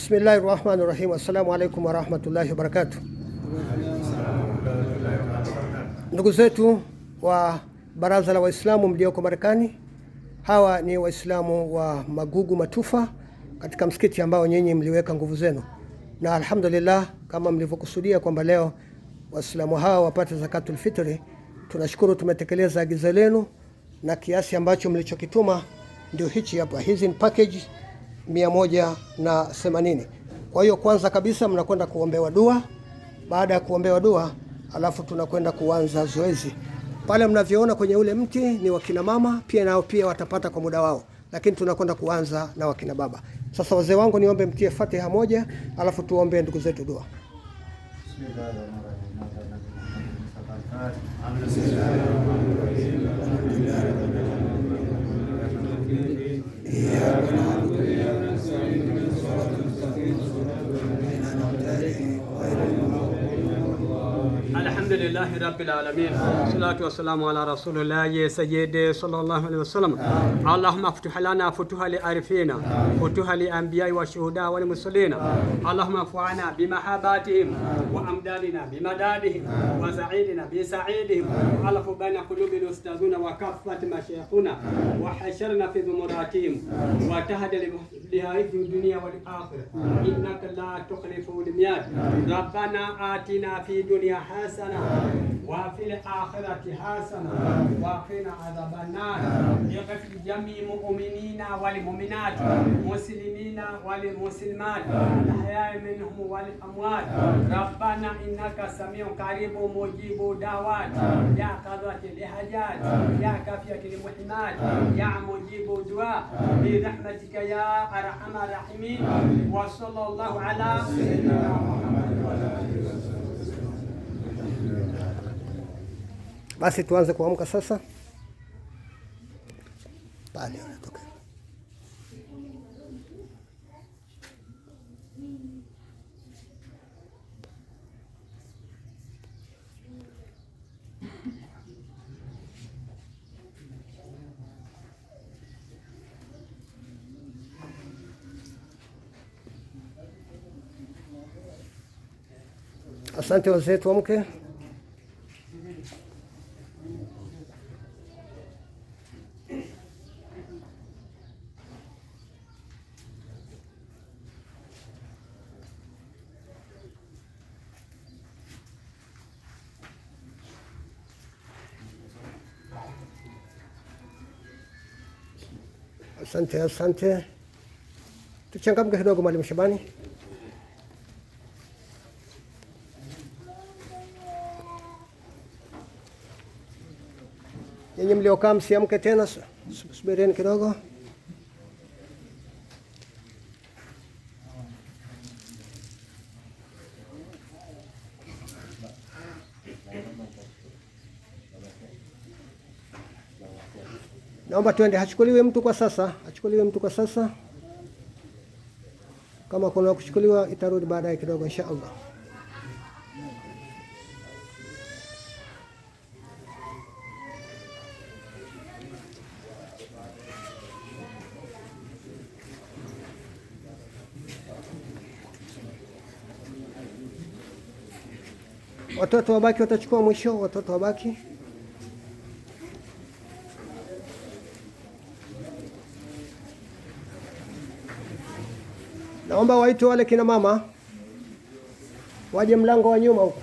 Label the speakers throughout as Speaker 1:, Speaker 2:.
Speaker 1: Bismillahi rahmani rahim. Assalamu alaikum warahmatullahi wabarakatuh. Ndugu zetu wa baraza la Waislamu mlioko Marekani, hawa ni Waislamu wa Magugu Matufa katika msikiti ambao nyinyi mliweka nguvu zenu, na alhamdulillah kama mlivyokusudia kwamba leo Waislamu hawa wapate zakatul fitri. Tunashukuru tumetekeleza agizo lenu na kiasi ambacho mlichokituma ndio hichi hapa. Hizi ni package 180. Kwa hiyo kwanza kabisa mnakwenda kuombewa dua. Baada ya kuombewa dua, alafu tunakwenda kuanza zoezi. Pale mnavyoona kwenye ule mti ni wakina mama pia, nao pia watapata kwa muda wao, lakini tunakwenda kuanza na wakina baba. Sasa wazee wangu, niombe mtie Fatiha moja, alafu tuombe ndugu zetu dua.
Speaker 2: alhamdulillahi rabbil alamin salatu wassalamu ala rasulillahi sayyidi sallallahu alaihi wasallam allahumma futuh lana futuha li arifina futuha li anbiya wa shuhada wal muslimina allahumma fa'ana bi mahabatihim wa amdadina bi madadihim wa sa'idina bi sa'idihim alafu baina qulubil ustazuna wa kaffat mashayikhuna wa hasharna fi dhumuratihim wa tahdil bihaifi dunya wal akhirah innaka la tukhlifu al miad rabbana atina fi dunya hasana wa fil akhirati hasana wa qina adhaban nar yaghfir jami mu'minina wal mu'minat muslimina wal muslimat ahya'i minhum wal amwat rabbana innaka samiu qaribu mujibu dawat ya qadati lihajat ya kafiyati limuhimat ya mujibu dua bi rahmatika ya arhamar rahimin wa sallallahu ala sayyidina muhammad wa alihi wasallam
Speaker 1: Basi tuanze kuamka sasa. Pale unatoka Asante wazee, tuamke. Asante, asante. Tuchangamke kidogo, Mwalimu Shabani. Yenye mliokaa msiamke tena, subirieni kidogo. Naomba twende, hachukuliwe mtu kwa sasa, hachukuliwe mtu kwa sasa. Kama kuna kuchukuliwa itarudi baadaye kidogo, insha Allah. Watoto wabaki watachukua mwisho, watoto wabaki Naomba waitwe wale kina mama waje mlango wa nyuma huko.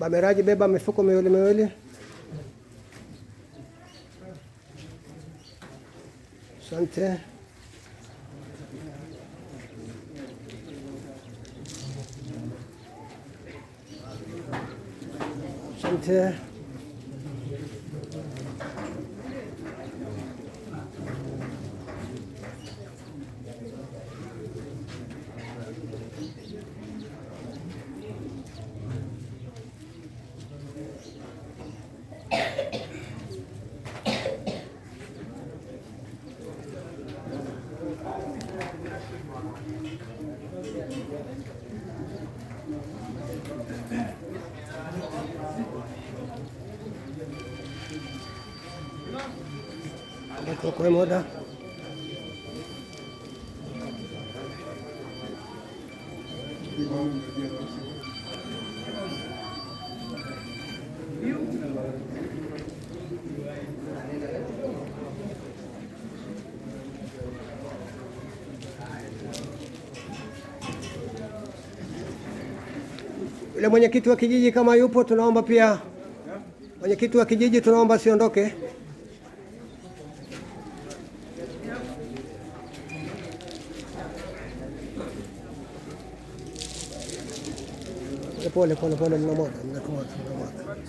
Speaker 1: Bameraji, beba mifuko miwili miwili. 나한테나한테 Okoe muda yule mwenyekiti wa kijiji kama yupo, tunaomba pia mwenyekiti wa kijiji, tunaomba siondoke. поле, поле, поле, на мат, на квадрат, на мат.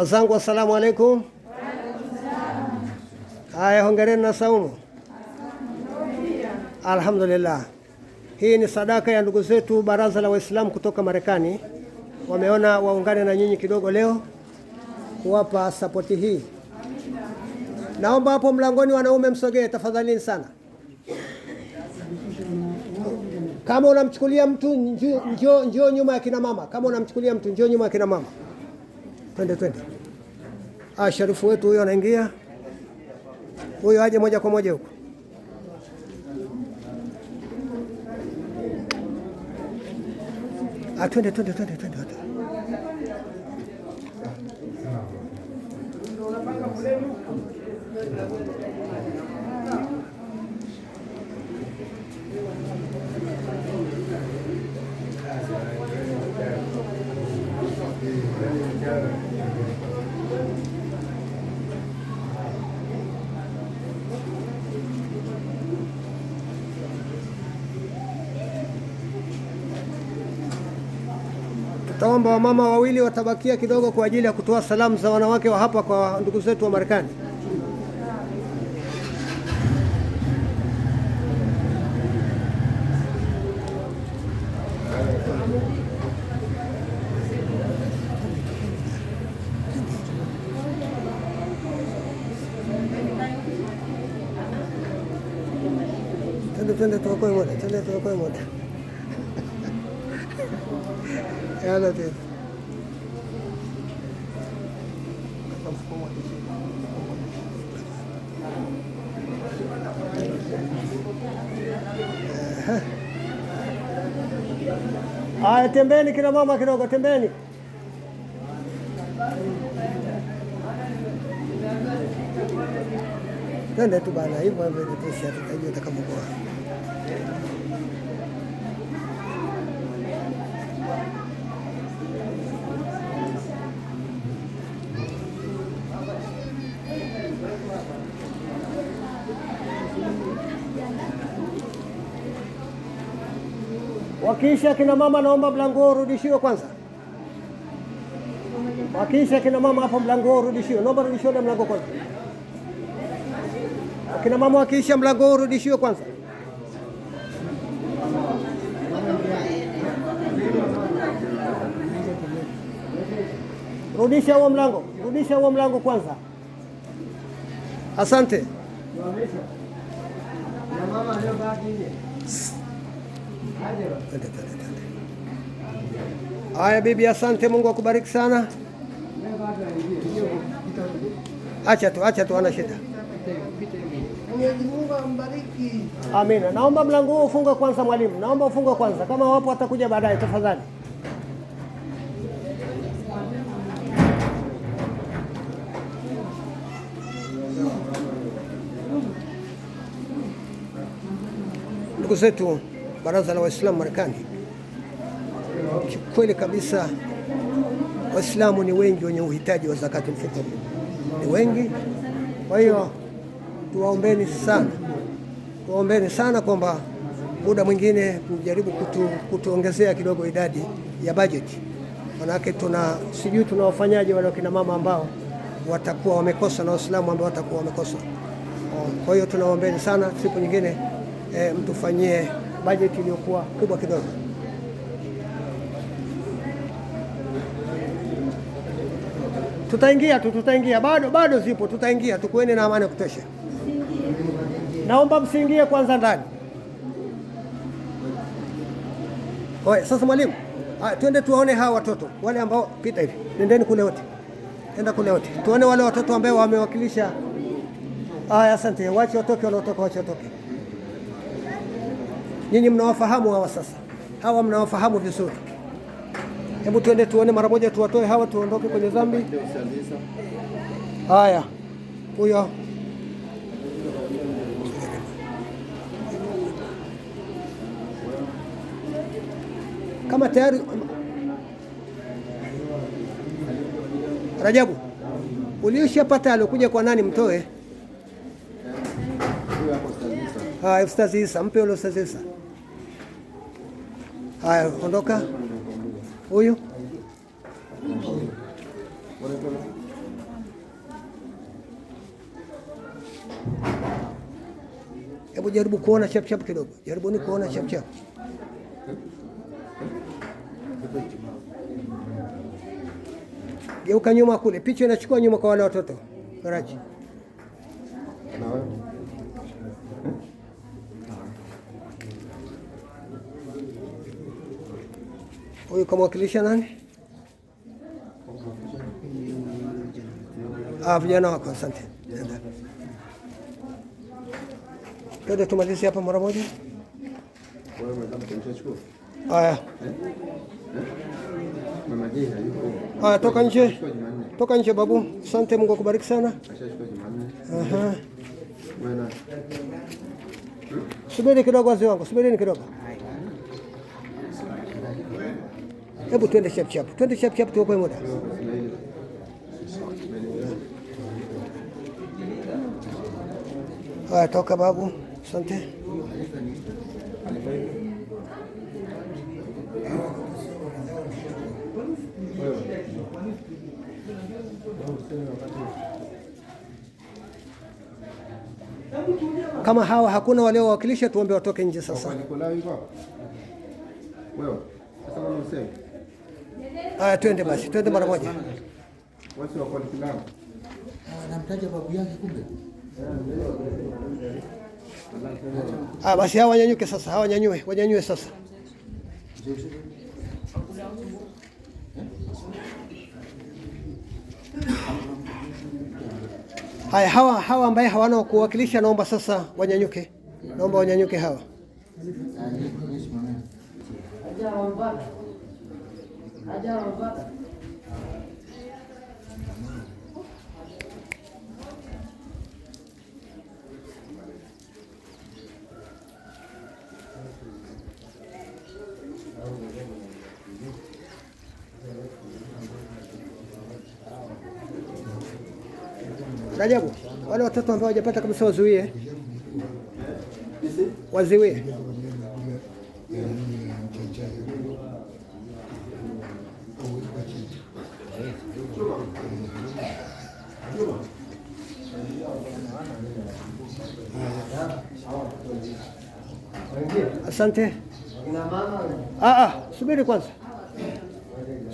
Speaker 1: Mazangu, asalamu alaikum. Haya, hongereni na saumu. Alhamdulillah, hii ni sadaka ya ndugu zetu Baraza la Waislamu kutoka Marekani. Wameona waungane na nyinyi kidogo leo kuwapa sapoti hii. Naomba hapo mlangoni, wanaume msogee tafadhalini sana. Kama unamchukulia mtu njoo, njoo nyuma ya kina mama. Kama unamchukulia mtu njoo nyuma ya kina mama. Twende twende. Ah, sharifu wetu huyo anaingia. Huyo aje moja kwa moja huko. Ah, twende twende twende twende. taomba wamama wawili watabakia kidogo kwa ajili ya kutoa salamu za wanawake wa hapa kwa ndugu zetu wa Marekani. tende, tukakoe moja, tende, tukakoe moja. sana Aya, tembeni kina mama kidogo, tembeni. Twende tu bana, hivyo hivyo tutajua utakapokuwa. Wakiisha kina mama, naomba mlango wao urudishiwe kwanza. Wakiisha kina mama hapo, mlango urudishiwe, naomba rudishiwe ule mlango kwanza. Kina mama wakiisha, mlango wao urudishiwe kwanza. Rudisha huo mlango, rudisha huo mlango kwanza. Asante. Haya bibi, asante. Mungu akubariki sana. Acha tu, acha tu, ana shida. Amina. Naomba mlango huu ufunge kwanza, mwalimu. Naomba ufunge kwanza, kama wapo watakuja baadaye, tafadhali. Ndugu zetu baraza la Waislamu Marekani. Kweli kabisa Waislamu ni wengi wenye uhitaji wa zakatul fitr, ni wengi. Kwa hiyo tuwaombeni sana, tuwaombeni sana kwamba muda mwingine mjaribu kutu, kutuongezea kidogo idadi ya bajeti, manake tuna sijui tunawafanyaje wale wakina mama ambao watakuwa wamekosa na waislamu ambao watakuwa wamekosa. Kwa hiyo tunawaombeni sana, siku nyingine e, mtufanyie bajeti iliyokuwa kubwa kidogo. Tutaingia tu, tutaingia bado, bado zipo, tutaingia, tukueni na amani ya kutosha. Naomba msiingie kwanza ndani. Oye, sasa mwalimu, ah, twende tuwaone hawa watoto wale ambao, pita hivi, nendeni kule wote, enda kule wote, tuone wale watoto ambao wamewakilisha. Aya, asante, wache watoke, wanaotoka wache watoke. Nyinyi mnawafahamu hawa sasa, hawa mnawafahamu vizuri. Hebu tuende tuone mara moja, tuwatoe hawa, tuondoke kwenye dhambi. Haya, huyo kama tayari Rajabu, ulioshapata alokuja kwa nani, mtoe. Haya, Ustazi Isa, mpe ule Ustazi Isa. Haya, ondoka huyu. Hebu jaribu kuona chapchap kidogo, jaribuni kuona chapchap. Geuka nyuma kule, picha inachukua nyuma kwa wale watoto Karachi. Huyu kamwakilisha nani? Ah, vijana wako. Asante. Twende tumalize hapa mara moja. Haya. Haya, toka nje, toka nje babu. Asante, Mungu akubariki sana. Subiri kidogo wazee wangu, subiri kidogo. Hebu twende chap chap, twende chap chap, tuokoe muda. Haya, toka babu, asante. Kama hawa hakuna waliowakilisha, tuombe watoke nje sasa. Wewe, sasa Haya, twende basi, twende mara moja. Anamtaja ah, babu yake kumbe. Ah, basi hawa wanyanyuke sasa, hawa wanyanyue, wanyanyue sasa. Haya, hawa hawa ambaye hawana kuwakilisha, naomba sasa wanyanyuke, naomba wanyanyuke hawa Rajabu, wale watoto ambao hawajapata kabisa wazuie, waziwie Asante. Ah, ah, subiri kwanza,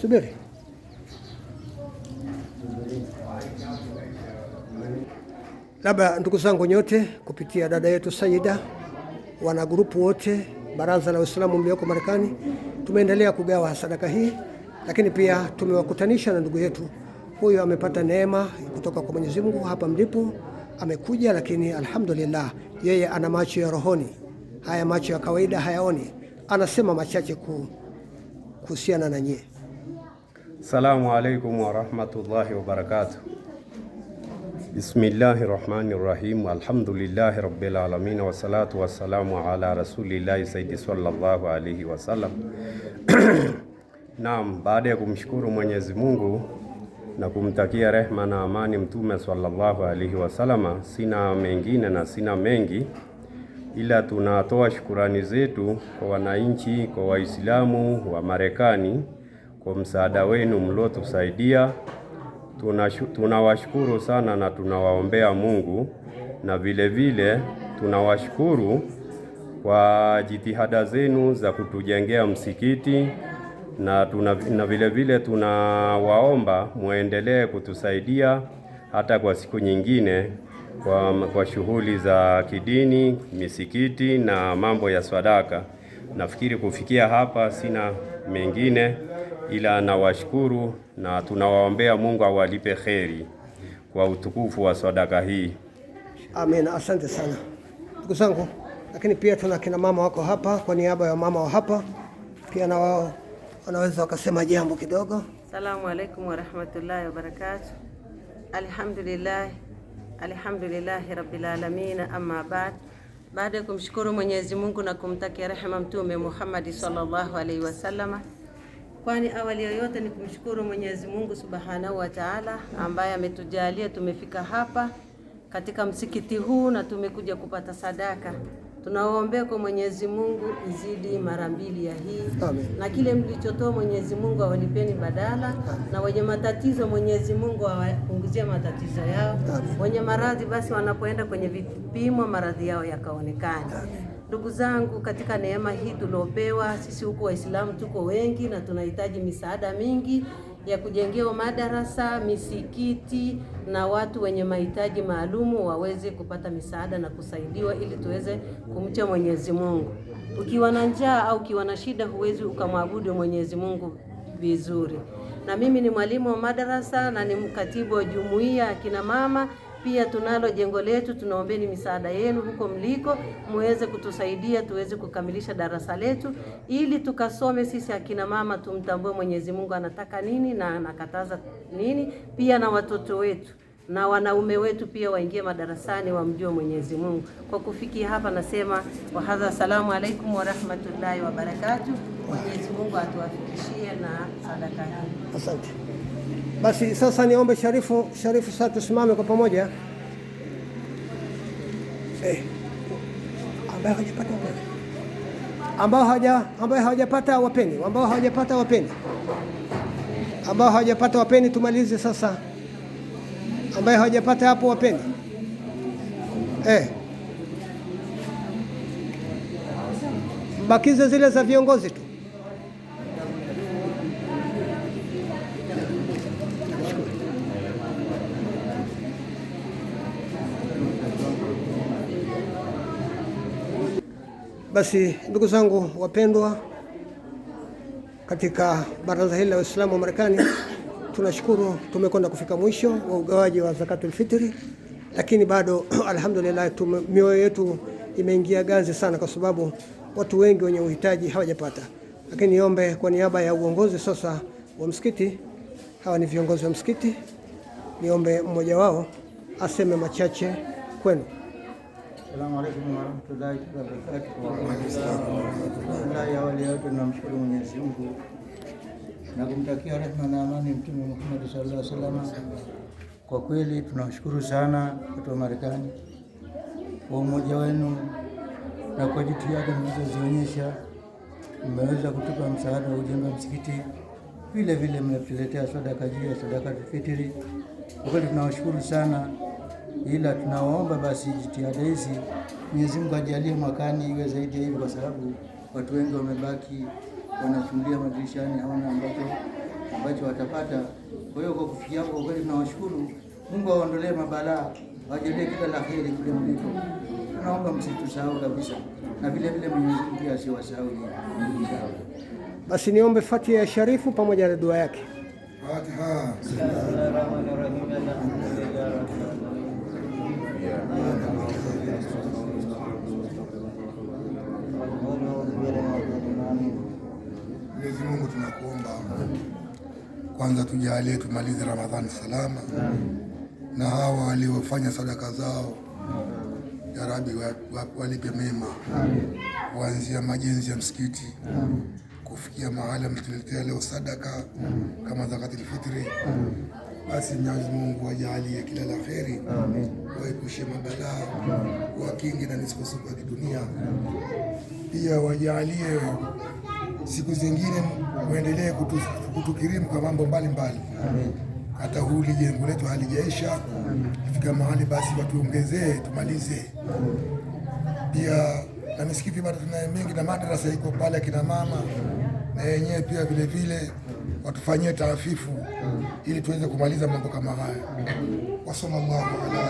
Speaker 1: subiri. Labda ndugu zangu nyote, kupitia dada yetu Saida, wana grupu wote, baraza la Uislamu mlioko Marekani, tumeendelea kugawa sadaka hii, lakini pia tumewakutanisha na ndugu yetu huyo, amepata neema kutoka kwa Mwenyezi Mungu hapa mlipo amekuja, lakini alhamdulillah, yeye ana macho ya rohoni haya macho ya kawaida hayaoni. Anasema machache kuhusiana na nyie.
Speaker 3: Salamu alaikum warahmatullahi wabarakatu Bismillahi rahmani rahim. Alhamdulillahi rabbil alamin wassalatu wassalamu ala rasulillahi sayyidi sallallahu alaihi wasallam. Naam, baada ya kumshukuru Mwenyezi Mungu na kumtakia rehma na amani Mtume sallallahu alaihi wasallama, sina mengine na sina mengi ila tunatoa shukurani zetu kwa wananchi, kwa Waislamu wa Marekani kwa msaada wenu mliotusaidia. Tunawashukuru sana na tunawaombea Mungu, na vile vile tunawashukuru kwa jitihada zenu za kutujengea msikiti na, tuna, na vile vile tunawaomba muendelee kutusaidia hata kwa siku nyingine kwa, kwa shughuli za kidini, misikiti na mambo ya swadaka. Nafikiri kufikia hapa sina mengine ila nawashukuru na tunawaombea Mungu awalipe kheri kwa utukufu wa sadaka hii.
Speaker 1: Amen, asante sana ndugu zangu. Lakini pia tuna kina mama wako hapa, kwa niaba ya mama wa hapa pia na wao wanaweza wakasema jambo kidogo.
Speaker 4: Salamu alaykum wa rahmatullahi wa barakatuh. Alhamdulillah Alhamdulillahi rabbil alamin, amma ba'd. Baada ya kumshukuru Mwenyezi Mungu na kumtakia rehema Mtume Muhammad sallallahu alaihi wasallam, kwani awali yoyote ni kumshukuru Mwenyezi Mungu subhanahu wa taala ambaye ametujalia tumefika hapa katika msikiti huu na tumekuja kupata sadaka Tunawaombea kwa Mwenyezi Mungu izidi mara mbili ya hii Amen. Na kile mlichotoa Mwenyezi Mungu awalipeni badala Amen. Na wenye matatizo Mwenyezi Mungu awapunguzie matatizo yao Amen. Wenye maradhi basi wanapoenda kwenye vipimo maradhi yao yakaonekana. Ndugu zangu, katika neema hii tuliopewa sisi, huko Waislamu tuko wengi na tunahitaji misaada mingi ya kujengewa madarasa, misikiti na watu wenye mahitaji maalumu waweze kupata misaada na kusaidiwa ili tuweze kumcha Mwenyezi Mungu. Ukiwa na njaa au ukiwa na shida, huwezi ukamwabudu Mwenyezi Mungu vizuri. Na mimi ni mwalimu wa madarasa na ni mkatibu wa jumuiya akina mama. Pia tunalo jengo letu, tunaombeni misaada yenu huko mliko, muweze kutusaidia tuweze kukamilisha darasa letu, ili tukasome sisi akina mama, tumtambue Mwenyezi Mungu anataka nini na anakataza nini, pia na watoto wetu na wanaume wetu pia waingie madarasani wamjue Mwenyezi Mungu. Kwa kufikia hapa, nasema wahadha, assalamu alaikum warahmatullahi barakatuh. Mwenyezi Mungu atuwafikishie na sadaka hii. Asante.
Speaker 1: Basi sasa niombe Sharifu. Sharifu, sasa tusimame kwa pamoja eh, ambao ambao hawajapata wapeni, ambao hawajapata wapeni, ambao hawajapata wapeni, tumalize sasa. Ambaye hawajapata hapo wapeni eh. Mbakize zile za viongozi tu. Basi ndugu zangu wapendwa, katika baraza hili la Waislamu wa Marekani, tunashukuru tumekwenda kufika mwisho wa ugawaji wa zakatul fitri, lakini bado alhamdulillah, mioyo yetu imeingia ganzi sana, kwa sababu watu wengi wenye uhitaji hawajapata. Lakini niombe kwa niaba ya uongozi sasa wa msikiti, hawa ni viongozi wa msikiti, niombe mmoja wao aseme machache kwenu.
Speaker 5: Asalamu alaykum warahmatullahi wabarakatuh. Awali ya yote tunamshukuru Mwenyezi Mungu na kumtakia rehma na amani Mtume Muhammad sallallahu alaihi wasallam. Kwa kweli tunawashukuru sana watu wa Marekani kwa umoja wenu na kwa jitihada mlizozionyesha, mmeweza kutupa msaada wa ujenzi msikiti, vile vile mmetuletea sadaka juu ya sadaka ya Kwa kweli tunawashukuru sana ila tunaomba basi jitihada hizi Mwenyezi Mungu ajalie mwakani iwe zaidi ya hivi, kwa sababu watu wengi wamebaki wanachungulia madirishani, hawana ambacho ambacho watapata. Kwa hiyo kwa kufikia hapo, kweli tunawashukuru. Mungu awaondolee mabalaa, wajalie kila la heri kule mliko. Tunaomba msitusahau kabisa, na vile vile Mwenyezi Mungu asiwasahau.
Speaker 1: Basi niombe Fatiha ya Sharifu pamoja na dua yake. Fatiha.
Speaker 6: kwanza tujalie tumalize Ramadhani salama, na hawa waliofanya sadaka zao ya Rabi walipe mema, kuanzia majenzi ya msikiti kufikia mahala mtuletea leo sadaka kama zakati fitri. Basi Mwenyezi Mungu wajalie kila la kheri, waepushe mabalaa, wakingi na nisukosuko ya kidunia, pia wajalie siku zingine muendelee kutukirimu kwa mambo mbalimbali. Hata huu lijengo letu halijaisha kifika mahali, basi watuongezee tumalize. Pia na misikiti bado tunayo mingi, na madrasa iko pale, akina mama na yenyewe pia vile vile watufanyie taafifu ili tuweze kumaliza mambo kama haya. wasoma ala